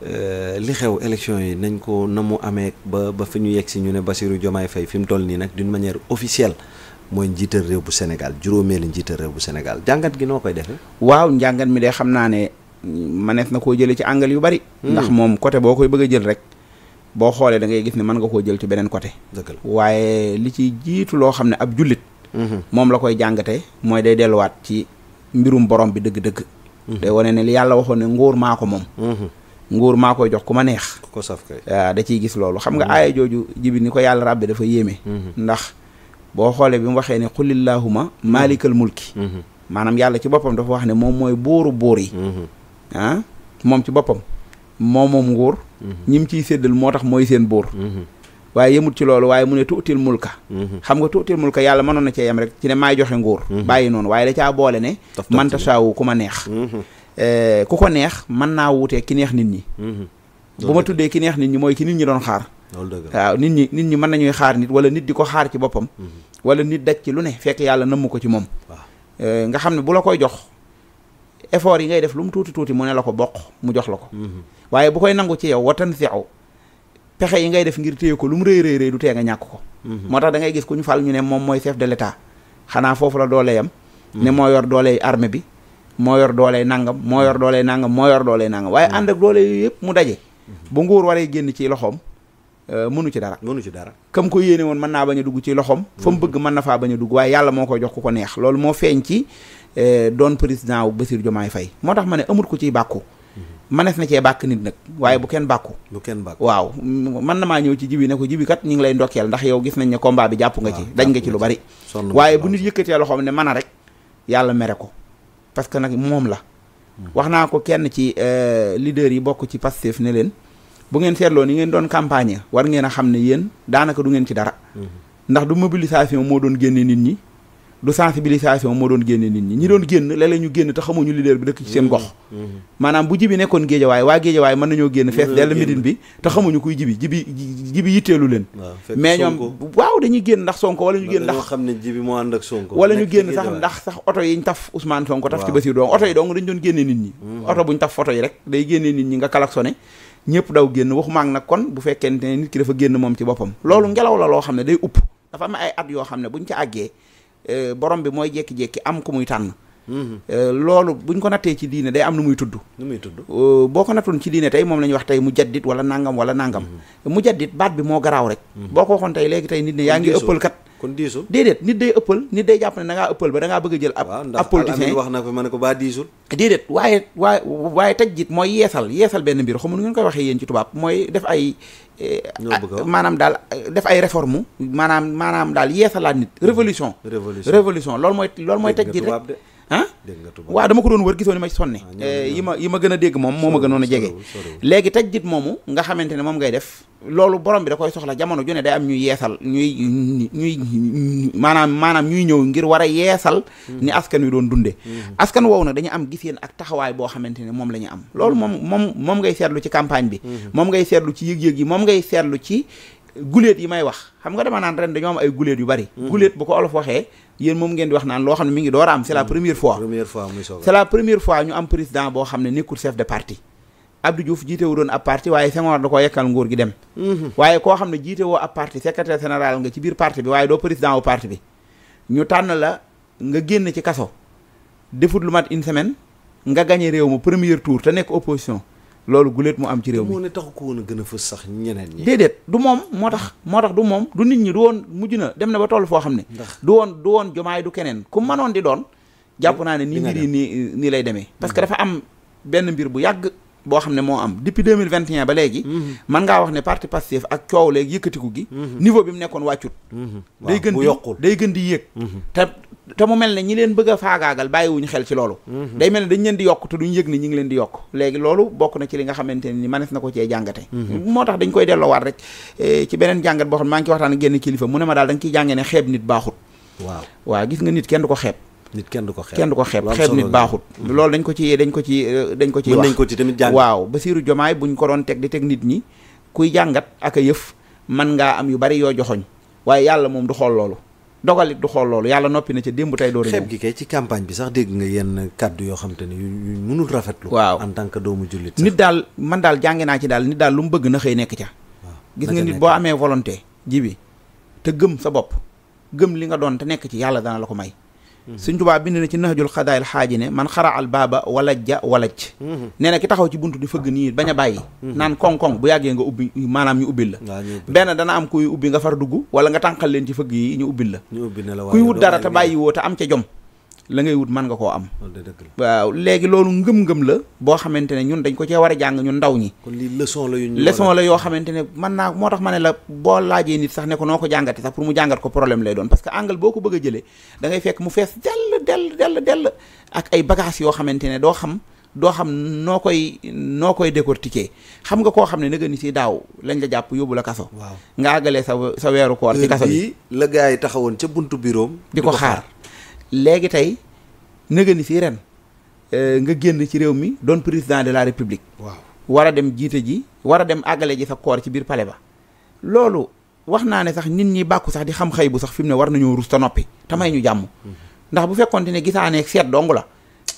Euh, li xew élection yi nañ ko na mu amee ba ba fi ñu yegg si ñu ne Bassirou Diomaye Faye fi mu toll nii nag d'une manière officielle mooy njiital réew bu Sénégal juróomeelu njiital réew bu Sénégal jàngat gi noo koy defee. waaw njàngat mi de xam naa ne manees na koo jëlee ci angle yu bari. Hmm. ndax moom côté boo koy bëgg a jël rek. boo xoolee da ngay gis ne mën nga koo jël ci beneen côté. dëgg waaye li ci jiitu loo xam ne ab jullit. Hmm. moom la koy jàngate mooy day delluwaat ci mbirum borom bi dëgg-dëgg. Hmm. day wane ne li yàlla waxoon ne nguur maa ko moom. nguur maa koy jox ku ma neex ko saf da ciy gis loolu xam nga mm-hmm. aaya jooju jibi ni ko yàlla ràbbe dafa yéeme mm-hmm. ndax boo xoolee bi mu waxee ne xulillahuma maalikal mulki mm-hmm. maanaam yàlla ci boppam dafa wax ne moom mooy buuru buur yi ah, moom ci boppam moom moom nguur ñi mu ciy seddal moo tax mooy seen buur waaye yëmut ci loolu waaye mu ne tuutil mulka xam nga tuutil mulka yàlla mënoon na cee yem rek ci ne maay joxe nguur bàyyi noonu waaye da caa boole ne manta saawu ma neex Eh, ku ko neex mën naa wuutee ki neex nit ñi mhm. bu ma tuddee ki neex nit ñi mooy ki nit ñi doon xaar waaw nit ñi nit ñi mën nañuy xaar nit wala nit di ko xaar ci boppam mhm. wala nit daj ci lu ne fekk yàlla namm ko ci moom eh, nga xam ne bu la koy jox effort yi ngay def lu mu tuuti tuuti mu ne la ko boq mu jox la ko mhm. waaye bu koy nangu ci yow watan aw pexe yi ngay def ngir téye ko lu mu rëy rëy rëy du tee nga ñàkk ko moo tax da gis ku ñu fal ñu ne moom mooy chef de l'état xanaa la doole yam ne moo yor doole armée bi moo yor doole nangam moo yor doole nangam moo yor doole nangam waaye ànd ak doole yooyu yëpp mu daje. bu nguur waree génn ci loxoom euh, mënu ci dara. mënu ci dara kam ko yéene woon mën naa bañ a dugg ci loxoom. fa mu bëgg mën na faa bañ a dugg waaye moo koy jox ku ko neex loolu moo feeñ ci euh, doon président wu Bassirou Diomaye Faye moo tax ma ne amul ko ciy bàkku. Mmh. maneef na cee bàkk nit nag waaye bu kenn bàkku bu kenn bàkku waaw man na maa ñëw ci jibi ne ko jibi kat ñu ngi lay ndokkeel ndax yow gis nañ ne combat bi jàpp nga ci dañ nga ci lu bari waaye bu nit yëkkatee loxoom ne mën a rek yàlla mere ko parce que nag moom la. wax naa ko kenn ci euh, leader yi bokk ci Pastef ne leen bu ngeen seetloo ni ngeen doon campagne war ngeen a xam ne yéen daanaka du ngeen ci dara. Mm-hmm. ndax du mobilisation moo doon génne nit ñi. du sensibilisation moo doon génne nit ñi ñi doon génn lele ñu génn te xamuñu leader bi dëkk ci seen mm-hmm. gox mm-hmm. maanaam bu jibi nekkoon géejawaay waa géejawaay mën nañoo génn fees dell midin bi te xamuñu kuy jibi jibi jibi yitteelu leen mais ñoom waaw dañuy génn ndax sonko wala ñu génn xam ne jibi moo ànd ak wala ñu génn sax ndax sax oto yiñ taf Ousmane Sonko taf ci Bassirou dong oto yi dong dañ doon génne nit ñi mm-hmm. oto buñ taf photo yi rek day génne nit ñi nga klaxonné ñëpp daw génn waxu maag nag kon bu fekkente ne nit ki dafa génn moom ci boppam loolu ngelaw la loo xam ne day upp dafa am ay at yoo xam ne ci àggee Euh, borom bi mooy jékki-jékki am ku muy tànn. Mm-hmm. Euh, loolu bu buñ ko nattee ci diine day am nu muy tudd. nu muy tudd euh, boo ko nattoon ci diine tey moom la ñuy wax tey mu jaddit wala nangam wala nangam. Mm-hmm. mu jaddit baat bi moo garaaw rek. Mm-hmm. boo ko waxoon tey léegi tey nit ne yaa ngi ëppal kat. kon diisul déedéet nit day ëppal nit day jàpp ne da ëppal ba da bëgg a jël ab ab politicien wax na ko ma ko baa diisul déedéet waaye waaye waaye taj jit mooy yeesal yeesal benn mbir xamu nu ngeen koy waxee yéen ci tubaab mooy def ay eh, ah, maanaam daal eh, def ay réforme maanaam maanaam daal yeesalaat nit révolution révolution loolu mooy lool mooy taj jit rek ah waaw dama ko doon wër gisoo ni ma sonne ah, eh, yi ma ma gën a dégg moom moo ma gënoon a jege léegi taj dit moomu nga xamante ne moom ngay def loolu borom bi da koy soxla jamono ju ne day am ñuy yeesal ñuy ñuy maanaam maanaam ñuy ñëw ngir war a yeesal hmm. ni askan wi doon dunde hmm. askan woow nag dañu am gis yéen ak taxawaay boo xamante ne moom la ñu am loolu hmm. moom moom moom ngay seetlu ci campagne bi moom ngay seetlu ci yëg-yëg yi moom ngay seetlu ci guléet yi may wax xam nga dama naan ren dañoo am ay guléet yu bari mhm. guléet bu ko olof waxee yéen moom ngeen di wax naan loo xam ne mi ngi door am c'est la mhm. première fois c'est la première fois ñu am président boo xam ne nekkul chef de parti Abdou Diouf jiite wu doon ab parti waaye Senghor da koo yekkal nguur gi dem mhm. waaye koo xam ne jiite woo ab parti secrétaire général nga ci biir parti bi waaye doo président wu parti bi ñu tànn la nga génn ci kaso defut lu une semaine nga gagné réew ma premier tour te nekk opposition loolu guléet mu am ci réew mi moo ne ko woon gën a fës sax ñeneen déedéet du moom moo tax moo tax du moom du nit ñi du woon mujj na dem na ba toll foo xam ne du woon du woon jomaay du keneen ku manoon di doon jàpp naa ne nii mbir yi nii lay demee parce que mm-hmm. dafa am benn mbir bu yàgg boo xam ne moo am depuis 2021 ba léegi man mm-hmm. ngaa wax ne parti Pastef ak coow léegi yëkkatiku gi mm-hmm. niveau bi mu nekkoon wàccut day gën di day gën di yéeg te te mu mel ne ñi leen bëgg a faagaagal bàyyiwuñu xel ci loolu mhm. day mel ne dañ leen di yokk te duñ yëg ni ñu ngi leen di yokk léegi loolu bokk na ci li nga xamante ne ni manes na ko cee jàngate mhm. moo tax dañ koy delloowaat rek eh, ci beneen jàngat boo xam maa ngi ci waxtaan ak génn kilifa mu ne ma daal da nga ciy waaw gis nga nit kenn du ko xeeb nit kenn du ko xeeb kenn du ko xeeb xeeb nit baaxut mhm. loolu dañ ko ci dañ ko ci eh, dañ ko ci wax mën ko ci tamit jàng waaw Basiiru Jomaay buñ ko doon teg di teg nit kuy jàngat ak a yëf man ngaa am yu bari yoo joxoñ waaye yàlla moom du xool loolu dogalit du xool loolu yàlla noppi na ca démb tey door xeeb gi kay ci campagne bi sax dégg nga yenn kàddu yoo xam te ne yu mënul rafetlu waaw en tant que doomu jullit nit daal man daal jàngi naa ci daal nit daal lu mu bëgg na xëy nekk ca gis nga nit boo amee volonté ji bi te gëm sa bopp gëm li nga doon te nekk ci yàlla dana la ko may sëñ Tuubaa bind na ci naxjul xadaayil xaaji ne man xara al baaba walajja walaj nee na ki taxaw ci buntu di fëgg nii bañ a bàyyi naan koŋ-koŋ bu yàggee nga ubbi maanaam ñu ubbil la benn dana am kuy ubbi nga far dugg wala nga tànqal leen ci fëgg yi ñu ubbil la kuy wut dara te bàyyi woo te am ca jom la ngay wut mën nga koo am waaw léegi loolu ngëm-ngëm la boo xamante ne ñun dañ ko cee war a jàng ñun ndaw ñi kon lii leçon la yu ñu la yoo xamante ne mën naa moo tax ma ne la boo laajee nit sax ne ko noo ko jàngate sax pour mu jàngat ko problème lay doon parce que angle boo ko bëgg a jëlee da ngay fekk mu fees dell dell dell dell ak ay bagages yoo xamante ne doo xam doo xam noo koy noo koy décortiquer xam nga koo xam ne nga ni si daaw lañ la jàpp yóbbu la kaso waaw nga àggalee sa sa weeru koor ci kaso bi la gars yi taxawoon ca buntu biroom di ko xaar léegi tey nëga ni fii ren euh, nga génn ci réew mi doon président de la république. waaw war a dem jiite ji war a dem àggale ji sa koor ci biir palais ba. loolu wax naa ne sax nit ñi bàkku sax di xam xay bu sax fi mu ne war nañoo rus ta noppi te ñu jàmm. Mm-hmm. ndax bu fekkonte ne gisaanee seet dong la.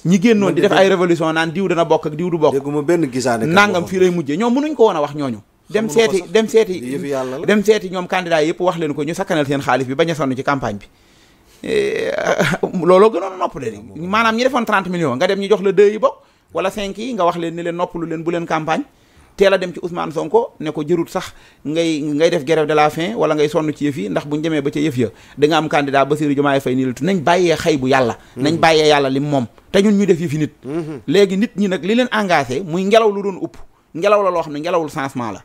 ñi génnoon di def ay révolution naan diw dana bokk ak diw du bokk. dégguma benn gisaane nangam fii lay mujjee ñoom mënuñ ko woon a wax ñooñu. dem seeti dem seeti dem seeti ñoom candidat yëpp wax leen ko ñu sakkanal seen xaalis bi a sonn ci campagne bi Eh, looloo gënoon noppale ni maanaam ñi defoon 30 millions nga dem ñu jox la deux bo bokk wala cinq yi nga wax leen ni leen noppalu leen bu leen campagne teel dem ci Ousmane Sonko ne ko jërut sax ngay ngay def grève de la fin wala ngay sonn ci yëf yi ndax buñ demee ba ci yëf ya da nga am candidat Bassirou Diomaye Faye nii la tudd nañ bàyyee xay bu yàlla mm-hmm. nañ bàyyee yàlla lim moom te ñun ñu def yëfi nit mm-hmm. léegi nit ñi nag li leen engagé muy ngelaw lu doon upp ngelaw la loo xam ne ngelawul changement la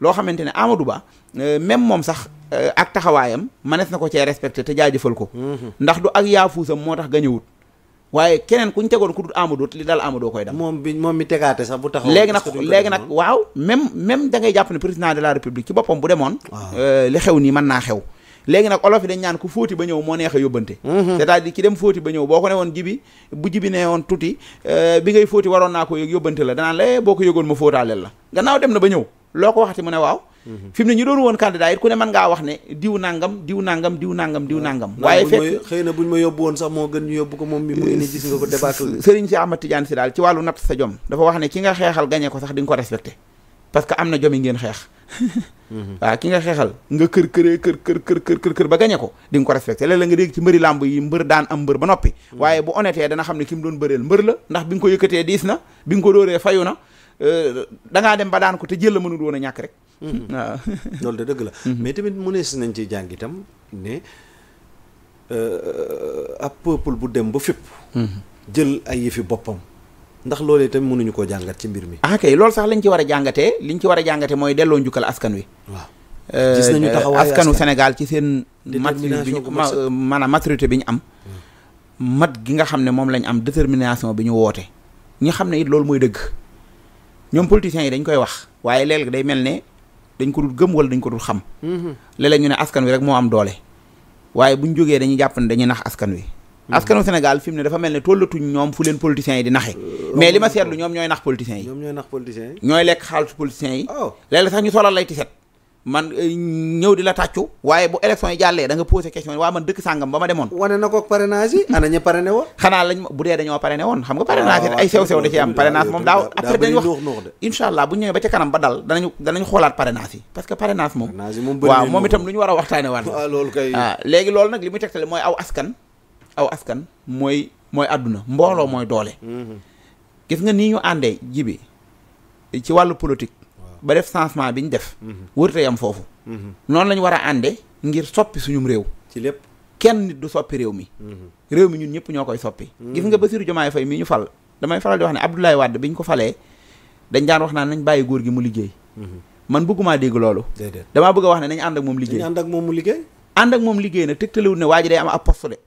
loo xamante ne amadu Ba euh, même moom sax euh, ak taxawaayam manees na ko cee respecté te jaajëfal ko. Mhm. ndax du ak yaafuusam moo tax gañewut waaye keneen ku ñu tegoon ku dul Amadou li dal Amadou koy dal. moom bi moom mi tegaate sax bu taxaw léegi nag léegi nag waaw même même da ngay jàpp ne président de la république ci boppam bu demoon. Euh, li xew nii mën naa xew. léegi nag olof yi dañ ñaan ku fóoti ba ñëw moo neex a yóbbante mhm. c'est-à-dire ki dem fóoti ba ñëw boo ko ne woon jibi bu jibi ne woon tuuti bi ngay fóoti waroon naa ko yóbbante la la eh, boo ko yëgoon ma fóotaaleel la gannaaw dem na ba ñëw loo ko waxati mu ne waaw mhm. fi mu ne ñu doon woon candidat it ku ne mën ngaa wax ne diw nangam diw nangam diw nangam diw nangam waaye fekk xëy na buñ ma yóbbu woon sax moo gën ñu yóbbu ko moom mi mu gis nga ko débat Serigne Cheikh Ahmad si daal ci wàllu natt sa jom dafa wax ne ki nga xeexal gañee ko sax di nga ko respecté parce que am na jomi ngeen xeex mhm. ki nga xeexal nga kër këree kër kër kër kër kër kër ba gañe ko di nga ko respecté léeg-léeg nga dégg ci mbëri làmb yi mbër daan am mbër ba noppi mhm. waaye bu honnêté dana xam ne ki mu doon bëreel mbër la ndax bi nga ko yëkkatee diis na bi nga ko dóoree fayu na Euh, da ngaa dem ba daan ko te jël la mënul woon a ñàkk rek. Mhm. waaw loolu de dëgg la. Mhm. mais tamit mu ne si nañ ci jàng tam ne euh, ab peuple bu dem ba fip mhm. jël ay yëfi boppam. ndax loole tamit mënuñu koo jàngat ci mbir mi. ah kay loolu sax lañ ci war a jàngatee liñ ci war a jàngatee mooy delloo njukkal askan wi. waaw euh, gis nañu taxawaayu askanu Sénégal ci seen. détermination bi ñu maanaam maturité bi ñu am. Mm. mat gi nga xam ne moom lañ am détermination bi ñu woote. ñu xam ne it loolu mooy dëgg. ñoom politiciens yi dañ koy wax waaye léeg-léeg mel ne dañ ko dul gëm wala dañ ko dul xam mhm. léeg ñu ne askan wi rek moo am doole waaye buñ jógee dañuy jàpp ne dañuy nax askan wi mhm. askanu Sénégal fi mu ne dafa mel ne tollatuñ ñoom fu leen politiciens yi di naxe euh, mais li ma seetlu ñoom ñooy nax politiciens yi ñooy lekk xaalisu politiciens yi oh. léeg sax ñu solal lay tiset man eh, ñëw di la tàccu waaye bu élection yi jàllee da nga posé question yi waa man dëkk sàngam ba ma demoon wane na ko parrainage yi ana ñu parrainé woon xanaa lañ bu dee dañoo parrainé woon xam nga ah, parrainage ay sew-sew da ci am parrainage moom daaw wax incha allah bu ñëwee xoolaat parrainage yi parce que parrainage moom waaw moom itam lu ñu war a waxtaane waat waaw ah, ah, léegi loolu nag li muy tegtale mooy aw askan aw askan mooy mooy àdduna mbooloo mooy doole mm-hmm. gis nga nii ñu àndee jibi ci wàllu politique ba def changement bi ñu def. Mhm. wërte yam foofu. Mhm. noonu la ñu war a àndee ngir soppi suñum réew. ci lépp kenn nit du soppi réew mi. Mhm. réew mi ñun ñëpp ñoo koy soppi. gis nga Bassirou Diomaye Faye mi ñu fal damay faral di wax ne Abdoulaye Wade bi ñu ko falee dañ daan wax naan nañ bàyyi góor gi mu liggéey. man bëggumaa dégg loolu. damaa bëgg a wax ne nañ ànd ak moom liggéey. ànd ak moom mu liggéey. ànd ak moom liggéey nag tegtaliwul ne waa ji am ab poste de.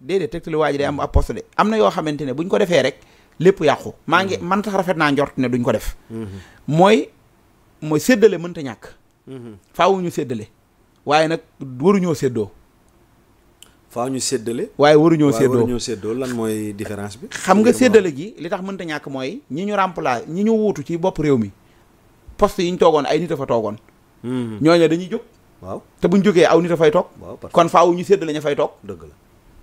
déedéet tegtaliwul waa ji day am ab poste am na yoo xamante ne buñ ko defee rek lépp yàqu maa ngi mm-hmm. man tax rafet naa njort ne duñ ko def mm-hmm. mooy mooy séddale mënta ñàkk mm-hmm. faaw ñu séddale waaye nag waruñoo séddoo faaw ñu séddale waaye waruñoo séddoo waruñoo séddoo lan mooy différence bi xam nga séddale gi li tax mënta ñàkk mooy ñi ñu laa ñi ñu wuutu ci bopp réew mi poste yi ñu toogoon ay nit a fa toogoon ñooñu dañuy jóg waaw te buñ jógee aw nit a fay toog kon faaw ñu séddale ña fay toog dëgg la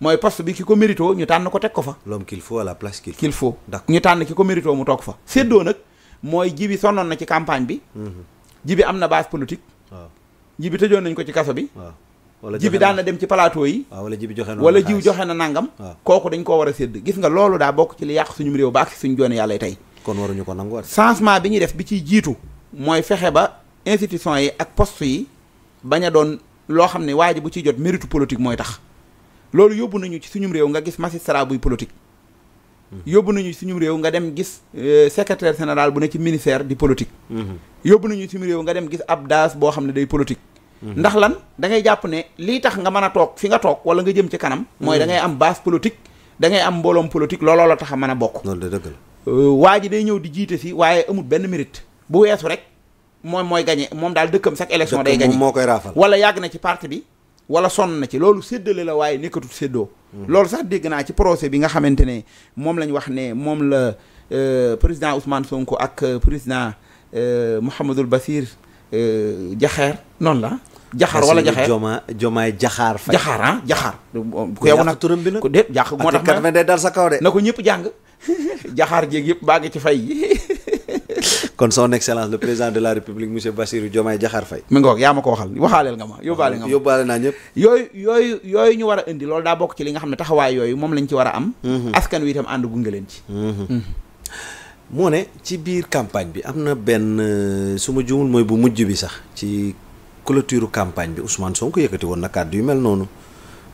mooy poste bi ki ko mérito ñu tànn ko teg ko fa. l'homme qu'il faut à la place qu'il faut. ñu tànn ki ko mérito mu toog fa. Hmm. séddoo nag mooy ji bi na ci campagne bi. Hmm. jibi am na base politique. jibi ji bi tëjoon nañ ko ci kaso bi. wala ji bi daan dem ci plateau yi. wala ji joxe na wala jiw joxe na nangam. kooku dañ koo war a sédd gis nga loolu daa bokk ci li yàq suñu réew ba ak suñu joone yàlla tey. kon waruñu ko nanguwaat. changement bi ñuy def bi ciy jiitu mooy fexe ba institution yi ak poste yi bañ a doon loo xam ne waa ji bu ciy jot mérite politique mooy tax loolu yóbbu nañu ci suñum réew nga gis magistrat buy politique mhm. yóbbu nañu suñu réew nga dem gis euh, secrétaire général bu ne ci ministère di politique mhm. yóbbu nañu ci suñu réew nga dem gis ab daas boo xam ne day politique mhm. ndax lan dangay jàpp ne lii tax nga mën a toog fi nga toog wala nga jëm ci kanam mooy dangay am base politique dangay ngay am mbooloom politique looloo la tax a mën a bokk loolu dëgg la euh, waa ji day ñëw di jiite si waaye amul benn mérite bu weesu rek moom mooy gañe moom daal dëkkam sax élection day gañe moo koy raafal wala yàgg na ci parti bi wala sonn na ci loolu séddale la waaye nekkatul séddoo loolu sax dégg naa ci procès bi nga xamante ne moom lañ wax ne moom la euh, président Ousmane Sonko ak euh, président euh, Mouhamadul Basir Jaxeer noonu la jaxaar wala jaxeer joma jomaay jaxaar fay jaxaar jaxaar ah, ku yow nag turam bi nag ko déet jàq moo tax ma day dal sa kaw de na ko ñëpp jàng jaxaar jéeg yëpp baa ngi ci fay kon son excellence le président de la république monsieur Bassirou Diomaye Diakhar Faye mi ngoog yaa ma ko waxal waxaaleel nga ma yóbbaale naa ñëpp yooyu yooyu yooyu ñu war a indi loolu daa bokk ci li nga xam ne taxawaay yooyu moom lañ ci war a am mhm. askan wi itam ànd gunge leen ci mhm. Mhm. moo ne ci biir campagne bi am na benn euh, su ma juumul mooy bu mujj bi sax ci clôture campagne bi Ousmane Sonko yëkkati woon na kàddu yu mel noonu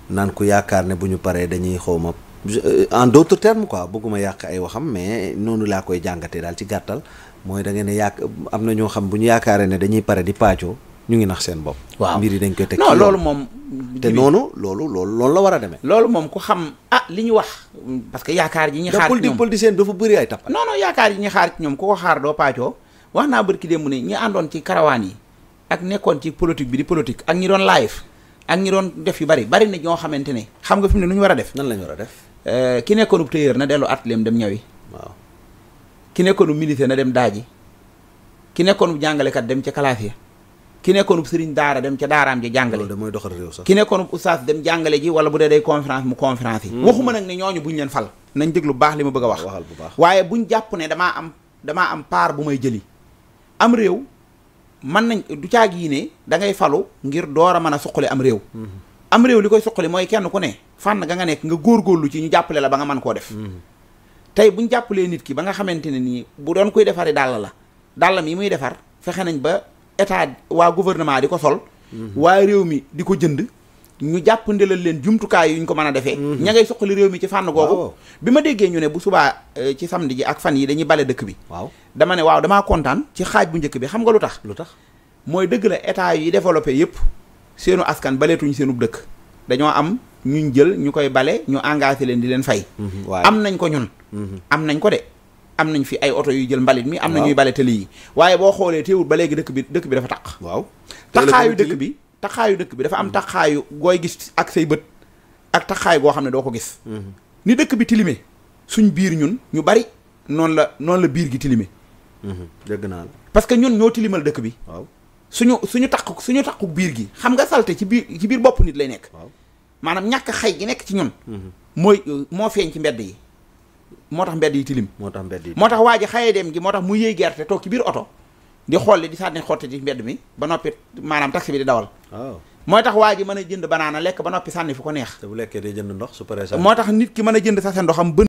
naan ku yaakaar ne bu ñu paree dañuy xaw ma euh, en d'autres termes quoi bëgguma yàq waxam mais noonu laa koy jàngatee daal ci gàttal mooy da ngeen ne yàq am na ñoo xam bu ñu yaakaaree ne dañuy pare di paacoo ñu ngi nax seen bopp. waaw mbir yi dañ koy teg loolu moom. te noonu loolu loolu loolu la war a demee. loolu moom ku xam ah li ñu wax. parce que yaakaar ji ñu xaar ci ñoom politicien dafa bëri ay tappa. non yaakaar yi ñu xaar ñoom ku ko xaar doo paacoo wax naa bërki démb ne ñi àndoon ci karawaan yi ak nekkoon ci politique bi di politique ak ñi doon live ak ñi doon def yu bari bari na ñoo xamante ne xam nga fi ne nu ñu war a def. nan la ñu war a euh, ki nekkoon ub tailleur na dellu at atelier dem ñawi waaw ki nekkoonu militaire na dem daaji ki nekkoonu jàngalekat dem ca kalaas ya ki nekkoonub sëriñ daara dem ca daaraam ji jàngale damay doxal réew sax ki nekkoonub oustaz dem jàngale ji wala bu dee day conférence mu conférence yi hmm. waxuma nag ne ñooñu buñ leen fal nañ lu baax li ma bëgg a wax waaye buñ jàpp ne damaa am damaa am paar bu may jëli am réew mën nañ du caag yi ne dangay falu ngir door a mën a suqali am réew hmm. am réew li koy suqali mooy kenn ku ne fànn ga nga nekk nga góorgóorlu ci ñu jàppale la ba nga mën koo def hmm. tey bu ñu jàppalee nit ki ba nga xamante ne nii bu doon kuy defari dàll la dàll mi muy defar fexe nañ ba état waa gouvernement di ko sol. Mhm. waaye réew mi di ko jënd. ñu jàpp ndelal leen jumtukaay yu yuñ ko mën a defee. Mhm. ña ngay réew mi ci fànn googu. bi ma déggee ñu ne bu subaa euh, ci samedi ji ak fan yi dañuy bale dëkk bi. waaw dama ne waaw damaa kontaan ci xaaj bu njëkk bi xam nga lu tax. lu tax mooy dëgg la état yi développé yëpp seenu askan baleetuñ seenub dëkk dañoo am ñuñ jël ñu koy bale ñu engagé leen di leen fay. Mhm, am nañ ko ñun. Mm-hmm. am nañ ko de am nañ fi ay oto yuy jël mbalit mi am na ñuy bale tali yi waaye boo xoolee teewul ba léegi dëkk bi dëkk bi dafa taq waaw taqaayu dëkk bi taqaayu dëkk bi dafa am mm-hmm. taqaayu gooy gis ak say bët ak taqaay goo xam ne doo ko gis mm-hmm. ni dëkk bi tilime suñ biir ñun ñu bari noonu la noonu la biir gi tilime naa parce que ñun ñoo tilimal dëkk bi waaw suñu suñu taqu suñu taqu biir gi xam nga salte ci biir ci biir bopp nit lay nekk maanaam ñàkk xay gi nekk ci ñun mooy moo feeñ ci mbedd yi moo tax mbedd yi tilim moo tax mbedd yi moo tax waa ji xaye dem gi moo tax mu yëy gerte toog ci biir oto di xolli di sànni xotti ci mbedd mi ba noppi maanaam taxi bi di dawal mooy tax waa ji mën a jënd banaana lekk ba noppi sànni fu ko neex te bu lekkee moo tax nit ki mën a jënd sa seen ndoxam bën